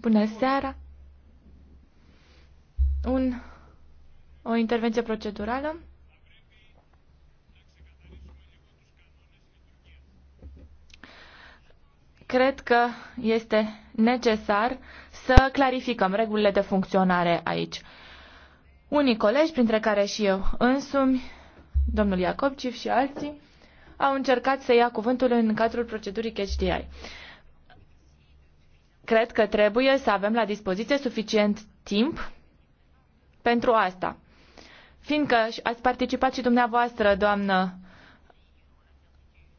Bună seara. Un, o intervenție procedurală. Cred că este necesar să clarificăm regulile de funcționare aici. Unii colegi, printre care și eu însumi, domnul Iacobciv și alții, au încercat să ia cuvântul în cadrul procedurii CHDI. Cred că trebuie să avem la dispoziție suficient timp pentru asta. Fiindcă ați participat și dumneavoastră, doamnă,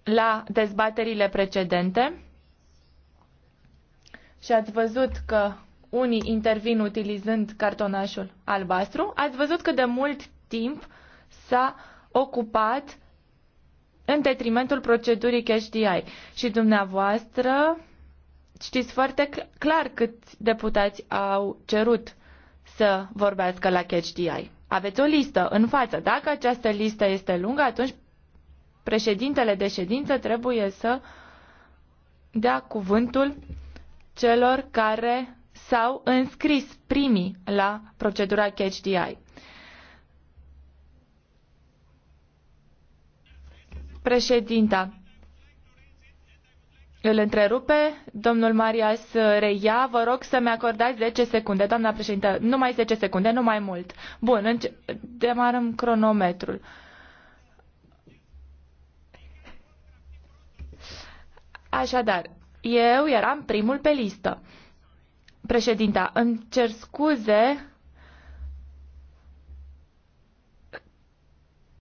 la dezbaterile precedente și ați văzut că unii intervin utilizând cartonașul albastru, ați văzut cât de mult timp s-a ocupat în detrimentul procedurii cash DI. Și dumneavoastră Știți foarte clar câți deputați au cerut să vorbească la CatchDI. Aveți o listă în față. Dacă această listă este lungă, atunci președintele de ședință trebuie să dea cuvântul celor care s-au înscris primii la procedura CatchDI. Președinta, îl întrerupe, domnul Marias reia, vă rog să-mi acordați 10 secunde, doamna președintă, numai 10 secunde, nu mai mult. Bun, înce- demarăm cronometrul. Așadar, eu eram primul pe listă. Președinta, îmi cer scuze,